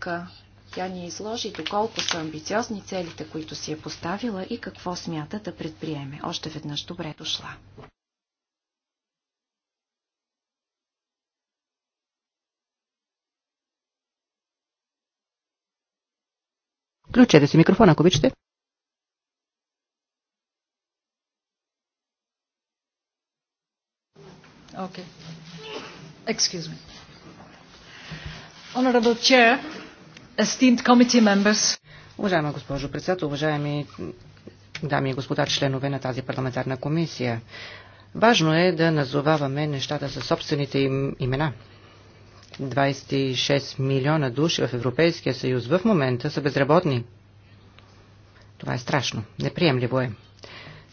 Нека тя ни изложи доколко са амбициозни целите, които си е поставила и какво смята да предприеме. Още веднъж добре дошла. Включете си микрофона, ако обичате. Okay. Excuse me. Honorable Chair, esteemed committee members. Уважаема госпожо председател, уважаеми дами и господа членове на тази парламентарна комисия, важно е да назоваваме нещата със собствените им имена. 26 милиона души в Европейския съюз в момента са безработни. Това е страшно. Неприемливо е.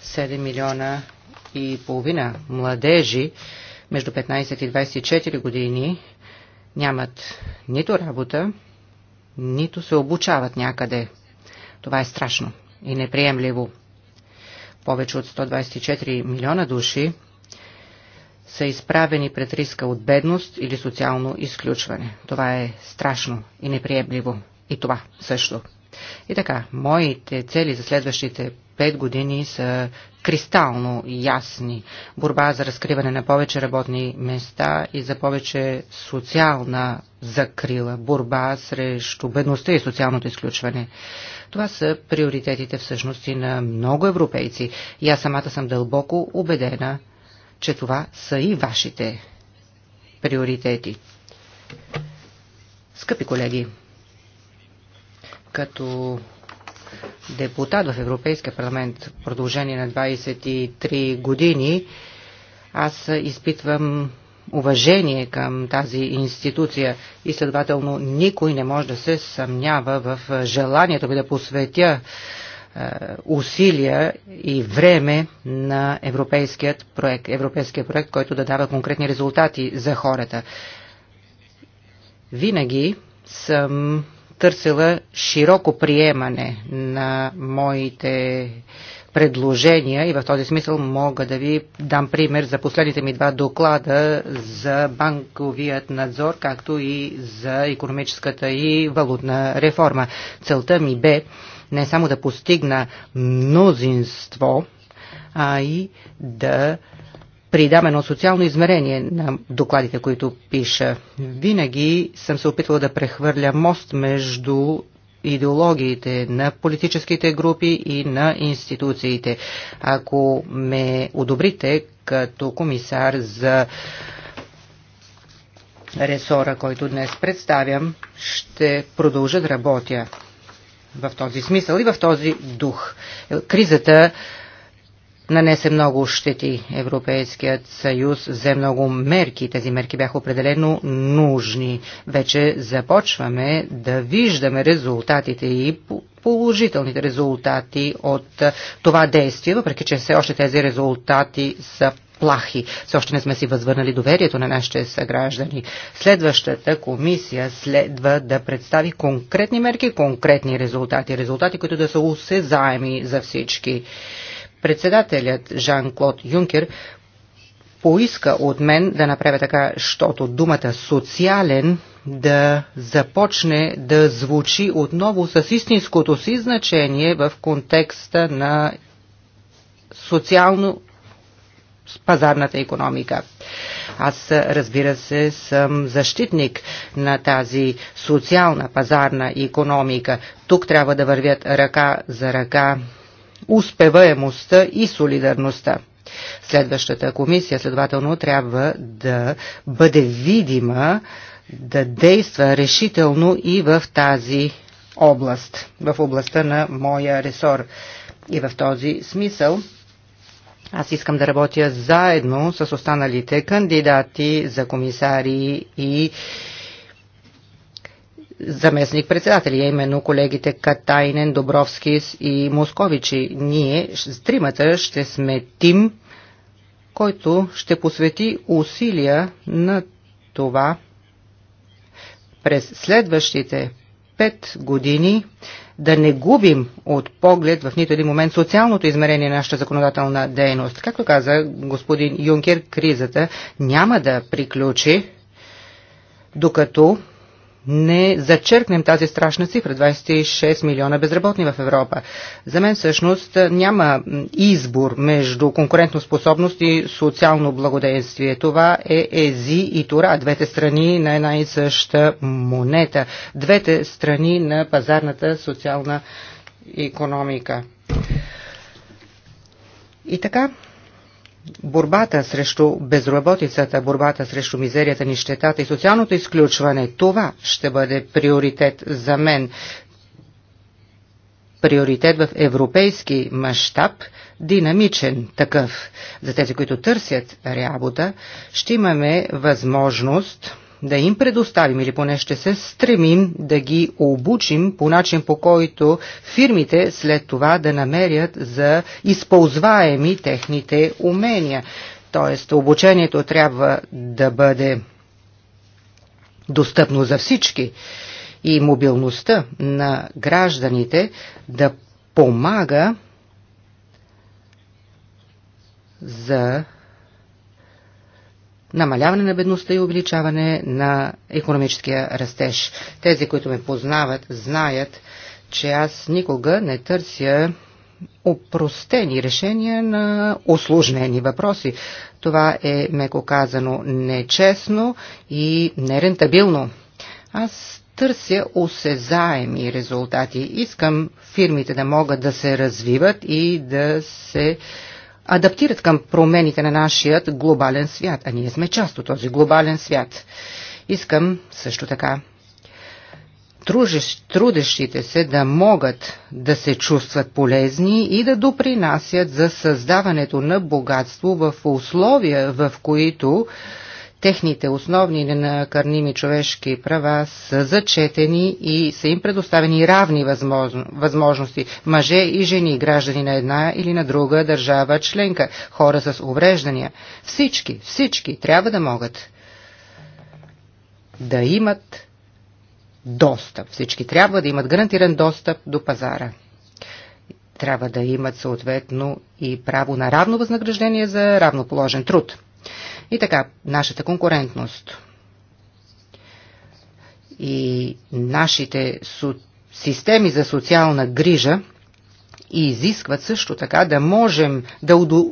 7 милиона и половина младежи между 15 и 24 години нямат нито работа, нито се обучават някъде. Това е страшно и неприемливо. Повече от 124 милиона души са изправени пред риска от бедност или социално изключване. Това е страшно и неприемливо. И това също и така, моите цели за следващите пет години са кристално ясни. Борба за разкриване на повече работни места и за повече социална закрила. Борба срещу бедността и социалното изключване. Това са приоритетите всъщност и на много европейци. И аз самата съм дълбоко убедена, че това са и вашите приоритети. Скъпи колеги, като депутат в Европейския парламент в продължение на 23 години, аз изпитвам уважение към тази институция и следователно никой не може да се съмнява в желанието ми да посветя е, усилия и време на европейският проект, европейския проект, който да дава конкретни резултати за хората. Винаги съм търсила широко приемане на моите предложения и в този смисъл мога да ви дам пример за последните ми два доклада за банковият надзор, както и за економическата и валутна реформа. Целта ми бе не само да постигна мнозинство, а и да придам едно социално измерение на докладите, които пиша. Винаги съм се опитвала да прехвърля мост между идеологиите на политическите групи и на институциите. Ако ме одобрите като комисар за ресора, който днес представям, ще продължа да работя в този смисъл и в този дух. Кризата нанесе много щети. Европейският съюз взе много мерки. Тези мерки бяха определено нужни. Вече започваме да виждаме резултатите и положителните резултати от това действие, въпреки че все още тези резултати са плахи. Все още не сме си възвърнали доверието на нашите съграждани. Следващата комисия следва да представи конкретни мерки, конкретни резултати. Резултати, които да са усезаеми за всички. Председателят Жан-Клод Юнкер поиска от мен да направя така, щото думата социален да започне да звучи отново с истинското си значение в контекста на социално пазарната економика. Аз, разбира се, съм защитник на тази социална пазарна економика. Тук трябва да вървят ръка за ръка успеваемостта и солидарността. Следващата комисия, следователно, трябва да бъде видима, да действа решително и в тази област, в областта на моя ресор. И в този смисъл аз искам да работя заедно с останалите кандидати за комисари и заместник-председатели, а именно колегите Катайнен, Добровски и Московичи. Ние, с тримата, ще сме тим, който ще посвети усилия на това през следващите пет години да не губим от поглед в нито един момент социалното измерение на нашата законодателна дейност. Както каза господин Юнкер, кризата няма да приключи, докато не зачеркнем тази страшна цифра 26 милиона безработни в Европа. За мен всъщност няма избор между способност и социално благоденствие. Това е ези и тура, двете страни на една и съща монета, двете страни на пазарната социална економика. И така, борбата срещу безработицата, борбата срещу мизерията, нищетата и социалното изключване, това ще бъде приоритет за мен. Приоритет в европейски мащаб, динамичен такъв. За тези, които търсят работа, ще имаме възможност да им предоставим или поне ще се стремим да ги обучим по начин по който фирмите след това да намерят за използваеми техните умения. Тоест обучението трябва да бъде достъпно за всички и мобилността на гражданите да помага за намаляване на бедността и увеличаване на економическия растеж. Тези, които ме познават, знаят, че аз никога не търся опростени решения на осложнени въпроси. Това е, меко казано, нечестно и нерентабилно. Аз търся осезаеми резултати. Искам фирмите да могат да се развиват и да се адаптират към промените на нашият глобален свят, а ние сме част от този глобален свят. Искам също така трудещите се да могат да се чувстват полезни и да допринасят за създаването на богатство в условия, в които техните основни ненакърними човешки права са зачетени и са им предоставени равни възможности мъже и жени, граждани на една или на друга държава членка, хора с увреждания. Всички, всички трябва да могат да имат достъп. Всички трябва да имат гарантиран достъп до пазара трябва да имат съответно и право на равно възнаграждение за равноположен труд. И така, нашата конкурентност и нашите системи за социална грижа и изискват също така да можем да удо...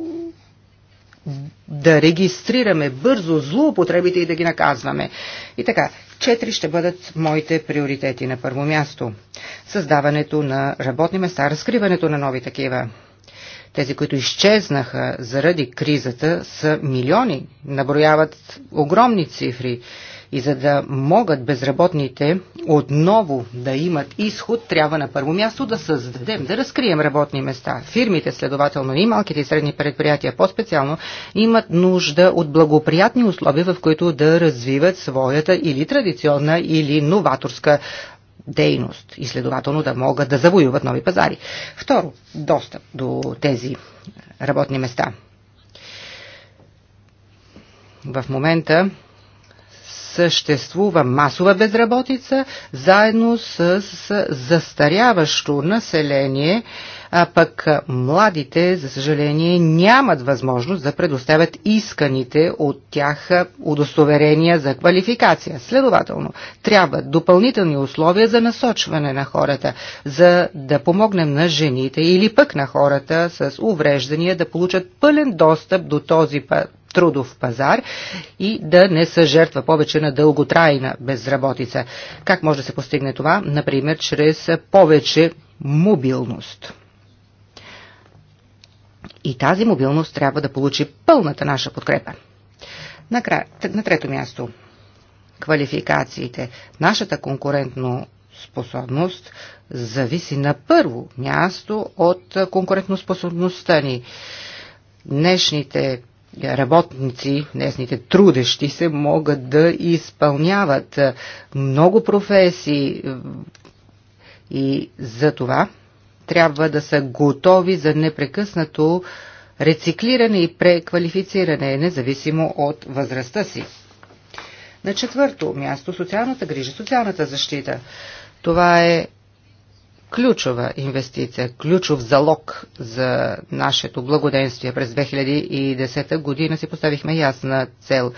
да регистрираме бързо злоупотребите и да ги наказваме. И така, четири ще бъдат моите приоритети на първо място. Създаването на работни места, разкриването на нови такива тези, които изчезнаха заради кризата, са милиони, наброяват огромни цифри. И за да могат безработните отново да имат изход, трябва на първо място да създадем, да разкрием работни места. Фирмите, следователно и малките и средни предприятия по-специално, имат нужда от благоприятни условия, в които да развиват своята или традиционна, или новаторска дейност и следователно да могат да завоюват нови пазари. Второ, достъп до тези работни места. В момента съществува масова безработица заедно с застаряващо население, а пък младите, за съжаление, нямат възможност да предоставят исканите от тях удостоверения за квалификация. Следователно, трябва допълнителни условия за насочване на хората, за да помогнем на жените или пък на хората с увреждания да получат пълен достъп до този път трудов пазар и да не са жертва повече на дълготрайна безработица. Как може да се постигне това? Например, чрез повече мобилност. И тази мобилност трябва да получи пълната наша подкрепа. Накра... На трето място. Квалификациите. Нашата конкурентно способност зависи на първо място от конкурентоспособността ни. Днешните работници, днесните трудещи се могат да изпълняват много професии и за това трябва да са готови за непрекъснато рециклиране и преквалифициране, независимо от възрастта си. На четвърто място социалната грижа, социалната защита. Това е ключова инвестиция, ключов залог за нашето благоденствие. През 2010 година си поставихме ясна цел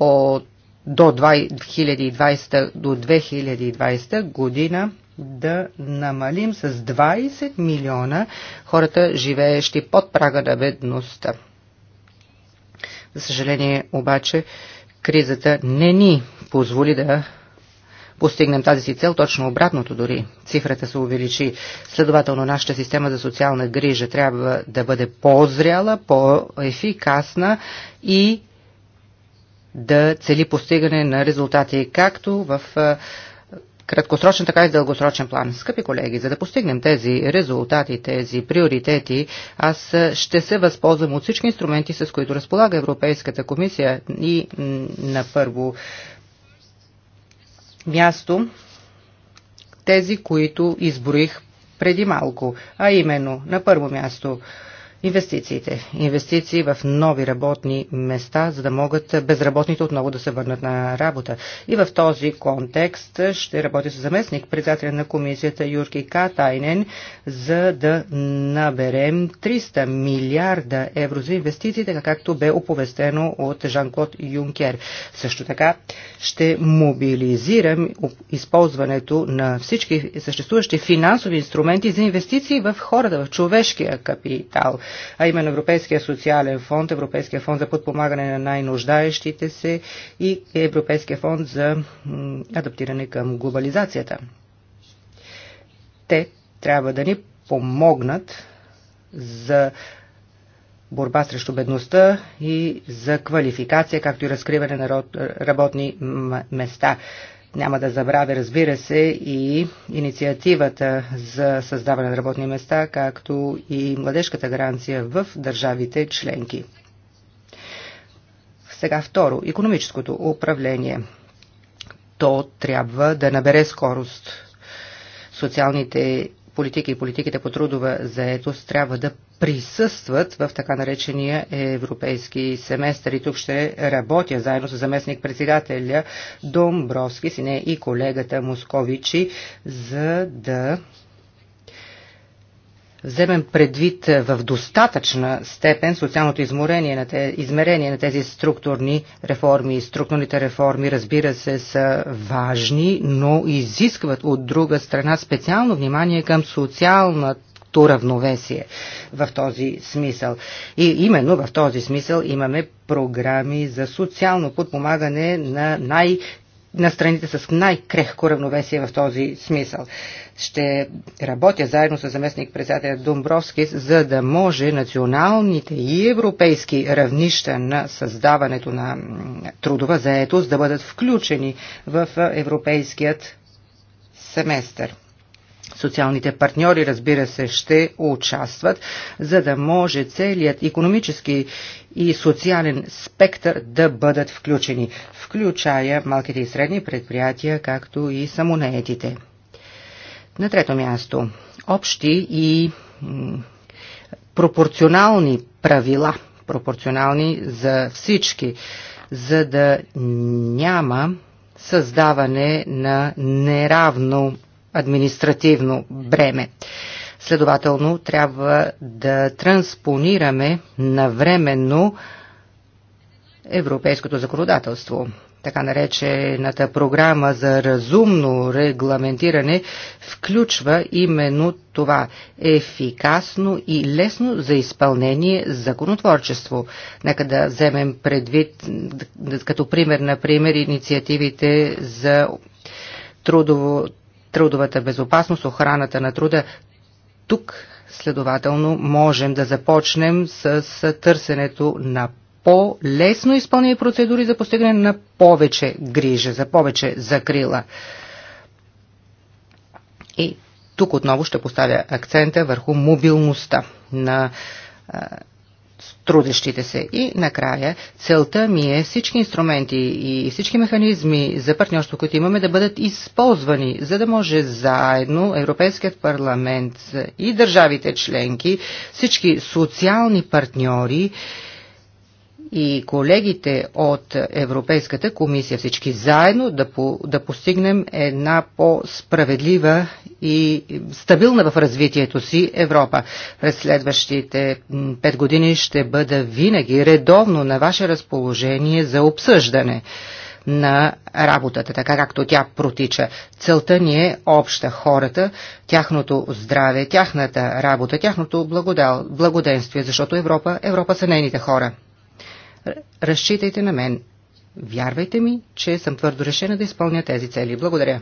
от до 2020 до 2020 година да намалим с 20 милиона хората, живеещи под прага на бедността. За съжаление обаче, кризата не ни позволи да постигнем тази си цел, точно обратното дори. Цифрата се увеличи. Следователно, нашата система за социална грижа трябва да бъде по-зряла, по-ефикасна и да цели постигане на резултати, както в краткосрочен, така и дългосрочен план. Скъпи колеги, за да постигнем тези резултати, тези приоритети, аз ще се възползвам от всички инструменти, с които разполага Европейската комисия и на първо място тези, които изброих преди малко, а именно на първо място – инвестициите. Инвестиции в нови работни места, за да могат безработните отново да се върнат на работа. И в този контекст ще работи с заместник председателя на комисията Юрки Катайнен, за да наберем 300 милиарда евро за инвестиции, така както бе оповестено от Жан-Клод Юнкер. Също така ще мобилизирам използването на всички съществуващи финансови инструменти за инвестиции в хората, в човешкия капитал а именно Европейския социален фонд, Европейския фонд за подпомагане на най-нуждаещите се и Европейския фонд за адаптиране към глобализацията. Те трябва да ни помогнат за борба срещу бедността и за квалификация, както и разкриване на работни места. Няма да забравя, разбира се, и инициативата за създаване на работни места, както и младежката гаранция в държавите членки. Сега второ, економическото управление. То трябва да набере скорост. Социалните политики и политиките по трудова заетост трябва да присъстват в така наречения европейски семестър. И тук ще работя заедно с заместник председателя Домбровски, сине и колегата Московичи, за да вземем предвид е, в достатъчна степен социалното измерение на, те, измерение на тези структурни реформи. Структурните реформи, разбира се, са важни, но изискват от друга страна специално внимание към социалната то равновесие в този смисъл. И именно в този смисъл имаме програми за социално подпомагане на най- на страните с най-крехко равновесие в този смисъл. Ще работя заедно с заместник председателя Домбровски, за да може националните и европейски равнища на създаването на трудова заетост да бъдат включени в европейският семестър. Социалните партньори, разбира се, ще участват, за да може целият економически и социален спектър да бъдат включени, включая малките и средни предприятия, както и самонаетите. На трето място общи и пропорционални правила, пропорционални за всички, за да няма създаване на неравно административно бреме. Следователно, трябва да транспонираме навременно европейското законодателство. Така наречената програма за разумно регламентиране включва именно това ефикасно и лесно за изпълнение законотворчество. Нека да вземем предвид като пример, например, инициативите за трудово, трудовата безопасност, охраната на труда. Тук, следователно, можем да започнем с търсенето на по-лесно изпълнени процедури за постигане на повече грижа, за повече закрила. И тук отново ще поставя акцента върху мобилността на трудещите се. И накрая целта ми е всички инструменти и всички механизми за партньорство, които имаме, да бъдат използвани, за да може заедно Европейският парламент и държавите членки, всички социални партньори, и колегите от Европейската комисия, всички заедно да, по, да постигнем една по-справедлива и стабилна в развитието си Европа. През следващите пет години ще бъда винаги редовно на ваше разположение за обсъждане на работата, така както тя протича. Целта ни е обща хората, тяхното здраве, тяхната работа, тяхното благоденствие, защото Европа, Европа са нейните хора. Разчитайте на мен. Вярвайте ми, че съм твърдо решена да изпълня тези цели. Благодаря.